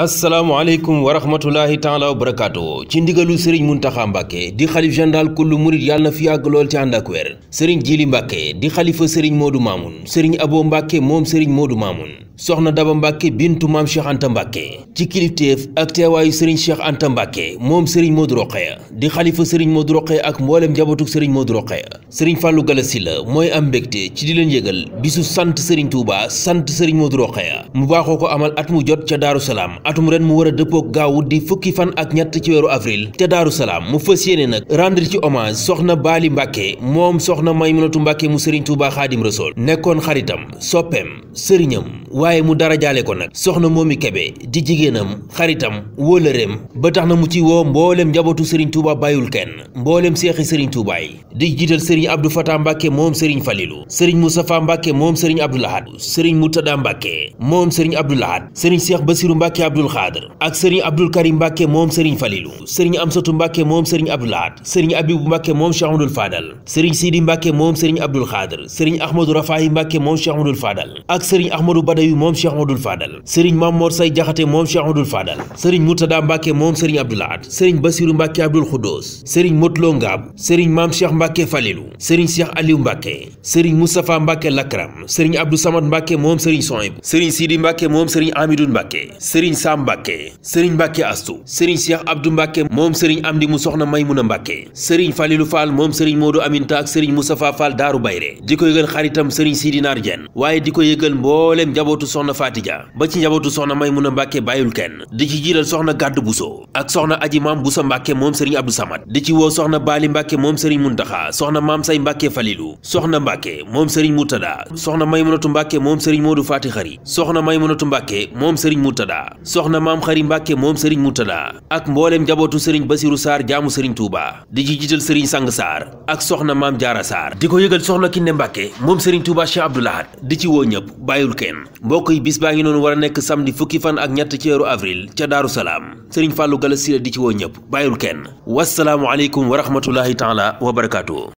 asalaamaaleykum wa rahmatulahi taala wa barakaatu ci ndigalu sëriñ Muntaxa Mbàkke di xalif général kullu murit yàlla na fi yàgg lool ci ànd ak wér sëriñ Jili Mbàkke di xalifa sëriñ Moodu Maamun sëriñ aboo Mbàkke moom sëriñ Moodu Maamun soxna Daba Mbàkke bintu maam Cheikh Anta Mbàkke ci kilifteef ak teewaayu sëriñ Cheikh Anta Mbàkke moom sëriñ Moodu Roqeya di xalifa sëriñ Moodu Roqeya ak mboolem njabootuk sëriñ Moodu Roqeya sëriñ Fàllu Galasi la mooy am ci di leen yëgal bisu sant sëriñ Tuuba sant sëriñ Moodu mu baaxoo ko amal at mu jot ca Daaru Salaam atum ren mu war a dëppook gaawu di fukki fan ak ñett ci weeru avril te daaru salaam mu fas yéene nag rendre ci hommage soxna baali mbàkke moom soxna maymunatu mbàkke mu sëriñ tuubaa xaadim rasool nekkoon xaritam soppeem sëriñam waaye mu dara jaale ko nag soxna moomi kebe di jigéenam xaritam wóolëreem ba tax na mu ci woo mbooleem njabootu sëriñ tuubaa bàyyul kenn mbooleem seexi sëriñ tuubaa yi di jiital sëriñ abdou fata mbàkke moom sëriñ falilu sëriñ moustapha mbàkke moom sëriñ abdoulahad sëriñ murtada mbàkke moom sëriñ abdoulahad sëriñ Abdul Xaadir ak sëriñ Abdul Karim Mbàkke moom sëriñ Falilu sëriñ Amsatu Mbàkke moom sëriñ Abdul Ahad sëriñ Abibu Mbàkke moom Cheikh Amadul Fadal sëriñ Sidi Mbàkke moom sëriñ Abdul Xaadir sëriñ Ahmadou Rafahi Mbàkke moom Cheikh Amadul Fadal ak sëriñ Ahmadou Badawi moom Cheikh Amadul Fadal sëriñ Mamor Say Jaxate moom Cheikh Amadul Fadal sëriñ Murtada Mbàkke moom sëriñ Abdul Ahad sëriñ Basiru Mbàkke Abdul Xuddoos sëriñ Motloo Ngaab sëriñ Maam Cheikh Mbàkke Falilu sëriñ Cheikh Aliou Mbàkke sëriñ Moustapha Mbàkke Lakram sëriñ Abdou Samad Mbàkke moom sëriñ Soyibu sëriñ Sidi Mbàkke moom sëriñ Amidou Mbàkke sëriñ Isaa Mbàkke sëriñ Mbàkke Astu sëriñ Cheikh Abdou Mbàkke moom sëriñ Amdi mu soxna Maymuna Mbàkke sëriñ Falilu Fall moom sëriñ Moodu Aminta ak sëriñ Moustapha Fall Daaru Bayre di ko yëgal xaritam sëriñ Sidi Naar Jeen waaye di ko yëgal mbooleem njabootu soxna Faatija ba ci njabootu soxna Maymuna Mbàkke bàyyul kenn di ci jiital soxna Gàddu Buso ak soxna Aji Maam Buso Mbàkke moom sëriñ Abdou Samad di ci woo soxna Baali Mbàkke moom sëriñ Muntaxa soxna Maam Say Mbàkke Falilu soxna Mbàkke moom sëriñ Murtada soxna Maymunatu Mbàkke moom sëriñ Moodu Faati Xari soxna Maymunatu Mbàkke moom sëriñ Murtada soxna maam xari mbàkke moom sëriñ murtada ak mbooleem njabootu sëriñ basiru saar jaamu sëriñ tuuba di ci jiital sëriñ sang saar ak soxna maam jaara saar di ko yëgal soxna kinne mbàkke moom sëriñ tuuba cheikh abdoulahat di ci woo ñëpp bàyyul kenn mbokk yi bis baa ngi noonu war a nekk samedi fukki fan ak ñett ci weeru avril ca daaru salaam sëriñ fàllu galas sila di ci woo ñëpp bàyyul kenn wasalaamu aleykum wa rahmatullahi taala wa barakaatu